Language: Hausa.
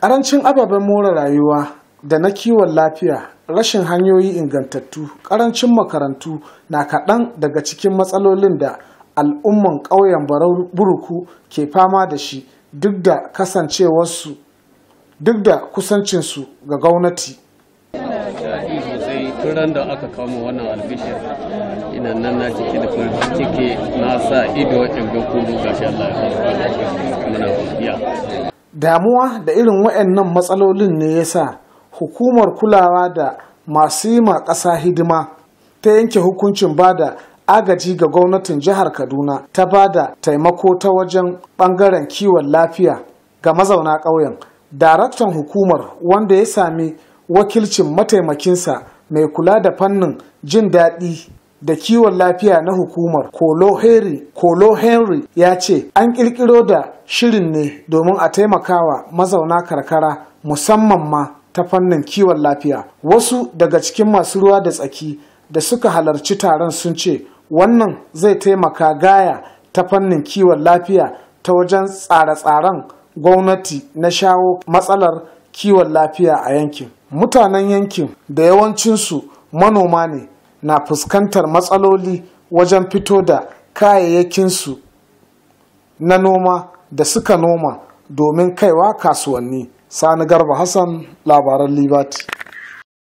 Ƙarancin ababen more rayuwa da na kiwon lafiya, rashin hanyoyi ingantattu, ƙarancin makarantu na kaɗan daga cikin matsalolin da al'umman ƙauyen buruku ke fama da shi duk da kasancewarsu duk da kusancinsu ga gwamnati. tun da aka kama wannan albishir ina na ciki na sa ido in ga kulu Allah ya muna godiya damuwa da irin wa'annan matsalolin ne ya sa hukumar kulawa da masu yi ma ƙasa hidima ta yanke hukuncin ba da agaji ga gwamnatin jihar kaduna ta ba da taimako ta wajen ɓangaren kiwon lafiya ga mazauna ƙauyen daraktan hukumar wanda ya sami wakilcin mataimakinsa mai kula da fannin jin daɗi da kiwon lafiya na hukumar kolo henry kolo henry ya ce an kirkiro da shirin ne domin a taimakawa mazauna karkara musamman ma ta fannin kiwon lafiya wasu daga cikin masu ruwa da tsaki da suka halarci taron sun ce wannan zai taimaka gaya ta fannin kiwon lafiya ta wajen tsare-tsaren gwamnati na shawo matsalar kiwon lafiya a yankin mutanen yankin da yawancinsu manoma ne na fuskantar matsaloli wajen fito da kayayyakinsu na noma da suka noma domin kaiwa kasuwanni sani garba hassan labaran libati